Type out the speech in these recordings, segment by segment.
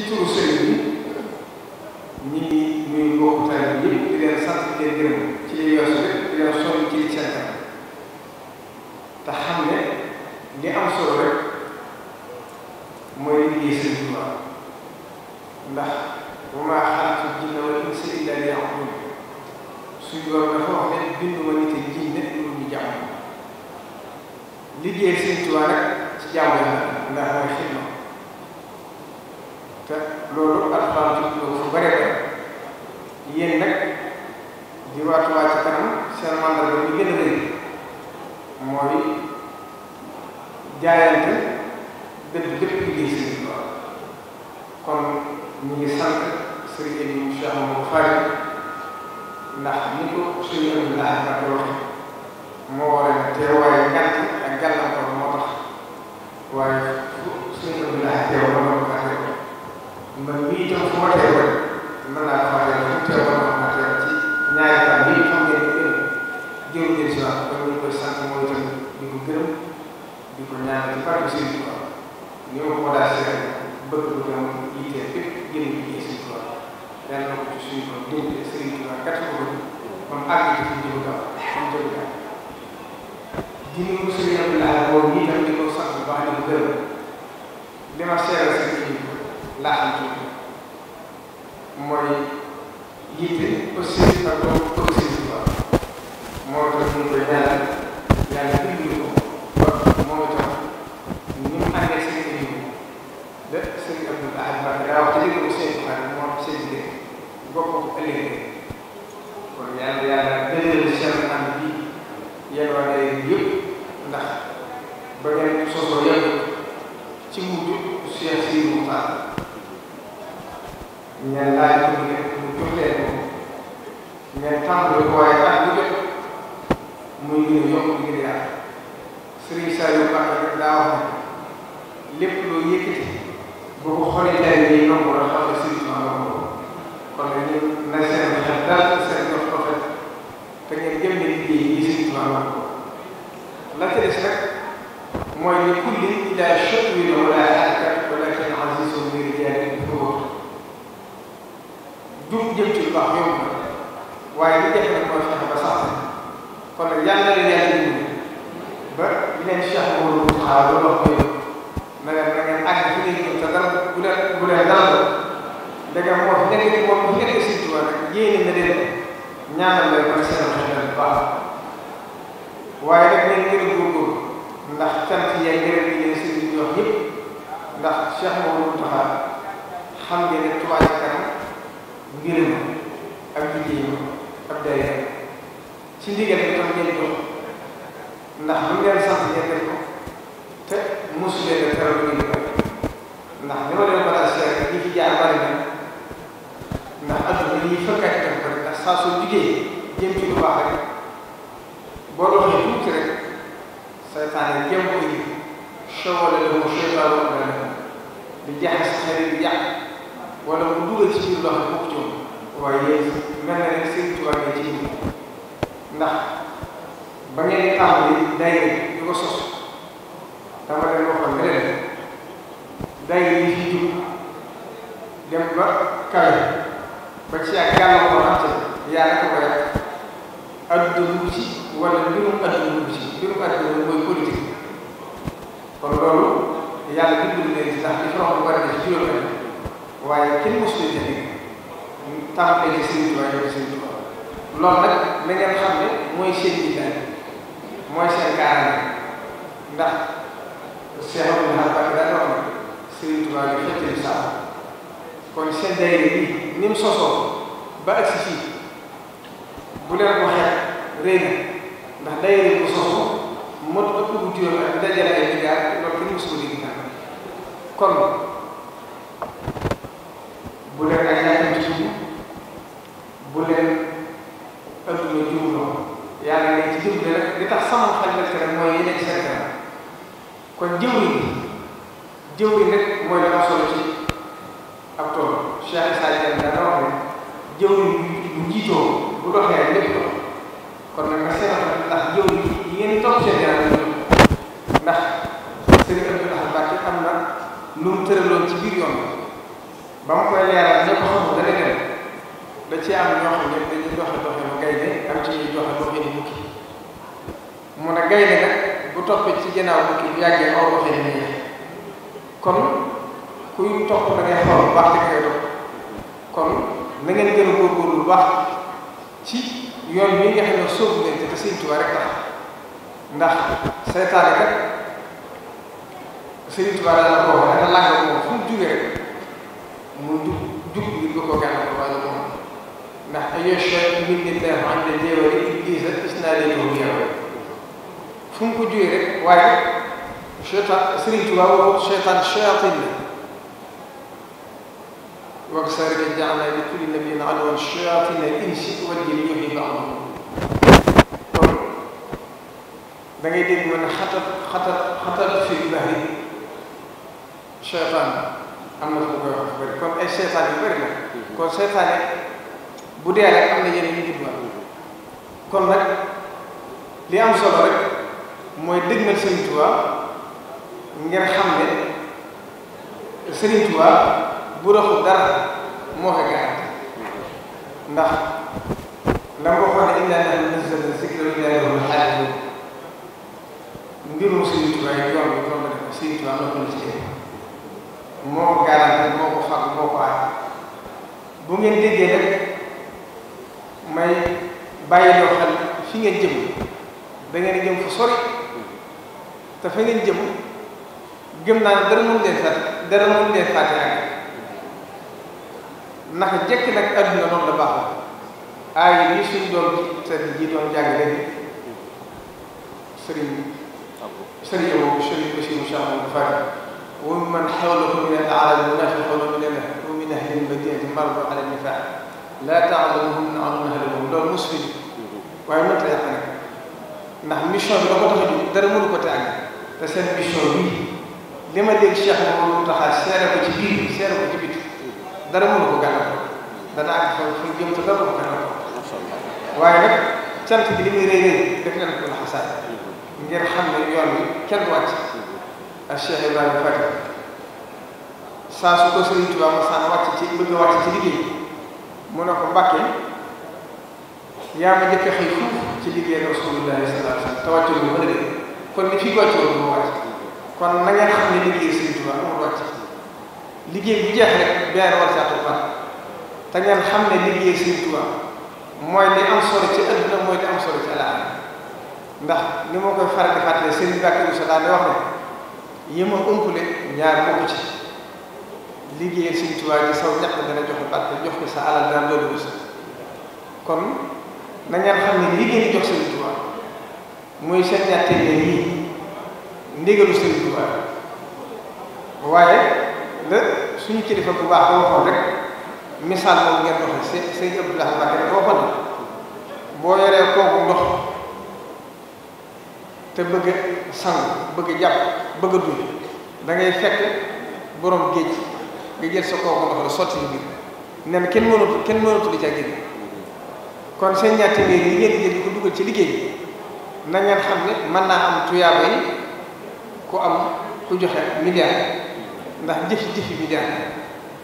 ci turu sëriñ bi ñu ngi nuyu mbokku taal yi di leen sant di leen ci li weesu rek di leen soññ ci seetal te xam ne li am solo rek mooy liggéey sëriñ bi ndax wa maa xalaqtu jinna wal insa illa liya'budun suñu borom dafa wax ne bindu ma nit yi jinne ñu jàmm liggéey sëriñ Tuubaa rek ci jàmm loolu alxuraan jublu fu bare bare yéen nag di waa Touba Ca Kanam seen mandarga bi gën a rëy mooy jaayante dëgg dëgg liggéey si biir kon ñu ngi sant sëriñ bi mu Fari ndax ni ko suñu ëmb ndax ak waxe moo war a teewaayu gàtt ak gàllankoor moo tax waaye suñu ëmb ndax teew man mii itam fu ma teewoon mën naa ko waxee fu teewoon ma ma teew ci ñaari fan yii xam ngeen ko gën jëw ngeen si waat kon ñu koy sant mooy itam di ko gërëm di ko ñaan ci barke Sëriñ Tuuba ni ma ko daa si rek bëgg bu dem yitte fépp génn bi ci Sëriñ Tuuba yàlla na ko ci suñu ko dénk Sëriñ Tuuba kat ko ko kon àgg ci fi jëm kaw kon jëm kaw di ñu ko suñu yàlla moom ñii tam di ko sant bu baax di ko gërëm li ma seeral si laa am tuuti mooy yitte aussi ak boobu aussi ba moo tax ñu koy ñaanal yàlla dindi ko kon moo tax ni mu àndee seen réew de sëriñ Abdou Lahad Mbacké daa wax ci liggéeyu seen xar moo tax seen liggéey bokk ko ëllëg kon yàlla yàlla dëgëral seen am bi yéen waa yëpp ndax ba ngeen sosoo yëpp ci mu ngeen laaj ko mu nekk mu jox leen ko ngeen tàmbali ko waaye at bu jot muy gën a yokk ngir yàlla Serigne Saliou Bakar rek daa wax ne lépp loo yëkkati boo ko xoolee daal yi ñoom war a xam ne Serigne ma la ko kon nag ñu na seen xel daal seen jox ko xel te ngeen jëm ma la ko la ca des rek mooy ne kulli ila shukri wala xaajat wala kenn xasisu ngir jaay ko juum jëm ci lu baax yow na waaye li def nag mooy fexe ba sax kon nag yàlla na leen yàlla ba di leen Cheikh Mawal xaaral loolu wax dëgg na ngeen na ngeen àgg fi ngeen ñëw te dara bu leen bu leen dara ndegam moo fi nekk ni moom bu nekk si tubaab rek yéene na leen ñaanal leen ba seen xel bu baax waaye nag ngeen gën a góorgóorlu ndax cant yi ak yeneen yi ngeen sëriñ yi ndax Cheikh Mawal xaaral xam ngeen ne tubaab ci kanam ngërëm ak liggéeyam ak dayoo ci ndigal bi tam ngeen jox ndax bu ngeen sant ngeen def ko te mosu leen def dara lu ngeen ndax li ma leen ko daal si rek ñi fi jaar bari na ndax adduna yi fëkkaat def ko ndax saa soo liggéey jëm ci lu baax rek boo doxee tuuti rek saytaane jéem ko yi sowale la mu seytaane di jaxas xel di yàq wala mu dugal ci biir loo xam ne bokk ci woon waaye mel na ne seen tubaab yi ci ndax ba ngeen tàmbali daayira ñu ko sos dama leen waxoon ne leen daayira yi fi jub dem ba kawe ba ci ak gàllankoor am ci yaa ko koy adduna dugg ci wala mbirum adduna dugg ci mbirum adduna mooy politique kon loolu yàlla dugg leen ci ndax li ko wax war a def juróom waaye kenn mosu leen dégg tàmbali ci Sëriñ Tuubaa yow Sëriñ Tuubaa loolu na ngeen xam ne mooy seen jiitaay mooy seen kaaraange ndax Cheikh Abdou Lahad Mbacké daa wax ne Sëriñ Tuubaa yu fekk saa kon seen daayira bi ni mu sosoo ba agsi fii bu leen ko xeex réy na ndax daayira bu sosoo mot ëpp bu tuyoon ak dajale ay liggéey loolu kenn mosu ko dégg bu leen ay yaay yu jiwu bu leen adduna jiwu loolu yàlla ne ci jiwu rek li tax sama xel la tere mooy yeneen seen kanam kon jiw yi jiw yi nag mooy dafa solo ci ab tool Cheikh Issa Diagne dana wax ne jiw yi bu jiitoo bu doxee lépp dox kon nag nga seetal ndax jiw yi yi ngeen toog seen yàlla ndax sëriñ Abdou Lahad Mbacké am na lu mu tëraloon ci biir yoon ba mu koy leeral ñëpp xamul dana gën da ci am ñoo xam ne dañuy joxe doxe mu gaynde am ci ñuy joxe doxe ni mukki mu ne gaynde nag bu toppee ci ginnaaw mukki bu yàggee aw doxe ni nii kon topp da ngay xool bu baax te a góorgóorlu bu baax yoon wi nga xam ne sóobu ngeen te fu mu rek mu dugg dugg ñu bëgg ko gàllankoor wàllu moom ndax dañoo choisir mbir mi dafa am ne jéewale gis na gis naa leen yow yow fu mu ko jógee rek waaye seytaan Sëriñ Tuubaa waxul seytaan shayatin la wa kazaalika ja'alnaa li kulli nabiyyin aduwwan shayaatiina al-insi wal jinni yuuhaa ba'duhum da ngay dégg man xatal xatal xatal fil bahri seytaan am na fu mu koy wax bëri kon ay seytaan yu bëri nag kon seytaane bu dee rek am na yeneen yu jubluwaat kon nag li am solo rek mooy dëgmal Serigne Touba ngeen xam ne Serigne Touba bu doxul dara moo ko garanti ndax la nga waxoon ne innaa nahnu nazzalnaa zikra wa innaa lahu lahaafizuun mbirum Serigne Touba yi yoon bi yoon la def Serigne Touba am na ko ci moo garanti moo ko xam moo ko aar bu ngeen déggee rek may bàyyi loo xel fi ngeen jëm da ngeen jëm fu sori te fa ngeen jëm gëm naa ne dara mun leen fàtte dara mun leen fàtte ak ndax jekk nag adduna noonu la baaxoo aay yi suñ doon sedd ji doon jàng rek sëriñ sëriñ yow sëriñ Bachir Moussa Moussa وممن حولهم من a المنافقون ومن a المدينة مرضوا على النفاق laa ta'lamuhum nahnu na'lamuhum loolu mosu fi ji waaye mënut a yàq nag ndax mission bi da ko tax a jóg dara mënu ko te àgg te seen mission bii li ma dégg Cheikh Mamadou Mountakha seere ko ci biir seere ko ci biti dara mënu ko gàllankoor dana àgg fa fu jëm te dara ko waaye nag cant bi li muy rëy rëy def leen ko la xasaar ngir xam ne yoon bi kenn ak Cheikh Ibrahima Faty saa su ko Sëriñ Tuubaa ma saan wàcc ci bëgg a ci liggéey mu ne ko Mbàkke yaa ma njëkk a ci liggéey Rasulullaahi sallallaahu alayhi wa sallam te wàcce lu ma dëgg kon ni fii wàcce woon moo wàcc kon na ngeen xam liggéey Sëriñ Tuubaa amul wàcc liggéey bu jeex rek saa tuubaat te ngeen xam ne liggéey Sëriñ Tuubaa mooy li am solo ci àdduna mooy li am solo ci àllaaxira ndax ni ma koy faral di fàttali Sëriñ Mbàkke Moussa daal di wax ne yi ma umpule ñaar bokk ci liggéeyal Sëñ Tuubaa ji saw ñaq dana joxe barke jox ko sa alal daan loolu wus kon na ngeen xam ne liggéey jox Sëñ Tuubaa muy seen ñaar téeméer yi ndigalu Sëñ Tuubaa waaye la suñu kilifa bu baax waxoon rek misaal moom ngeen doxe s sëñ Abdoulaye Mbacke rek waxoon boo yoree kooku ndox te bëgg sang bëgg a jàpp bëgg a dund da fekk borom géej nga jël sa koo ndox la sotti biir nee na kenn mënatu kenn mënatu li ca génn kon seen ñaati mbir yi ngeen di jël di ko dugal ci liggéey na ngeen xam ne mën naa am tuyaaba yi ku am ku joxe milliard ndax jëfi jëfi milliard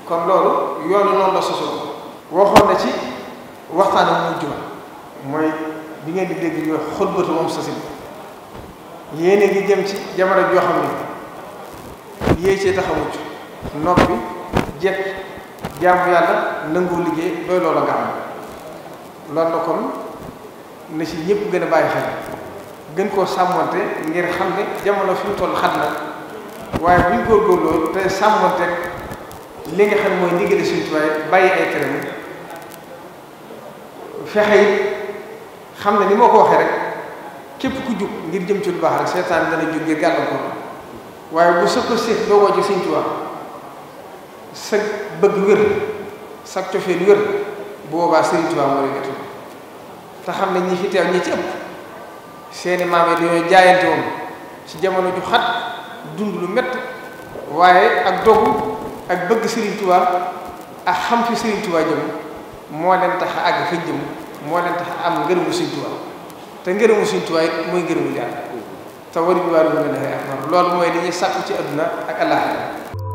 kon loolu yoonu noonu la sosoo waxoon na ci waxtaan mu mujj mooy bi ngeen di dégg ñu wax xutbatu moom sasin yéene ngi jëm ci jamono joo xam ne yéey cee taxawut noppi jekk jaamu yàlla nangu liggéey doy loola nga am loolu la kon na ci ñëpp gën a bàyyi xel gën koo sàmmante ngir xam ne jamono fi mu toll xat na waaye buñ góorgóorloo te sàmmante li nga xam mooy ndiggale suñu tubaay bàyyi ay teram fexe yi xam ne ni moo ko waxee rek képp ku jóg ngir jëm ci lu baax rek seetaan dana jóg ngir gàllankoor waaye bu sa ko séet doo woo ci Sëñ Tuubaa sa bëgg wér sa cofeel wér boobaa Sëñ Tuubaa moo lay xam ne ñi fi ñi ci ëpp seeni maam yi dañoo ci jamono ju xat dund lu mett waaye ak dogu ak bëgg Sëriñ Tuubaa ak xam tax a àgg fa moo leen tax a am ngërëmu Sëriñ Tuubaa te ngërëmu Sëriñ si it mooy ngërëmu yàlla te war bi waar bu mel ne loolu mooy li ñuy sàkku ci adduna ak àllaaxira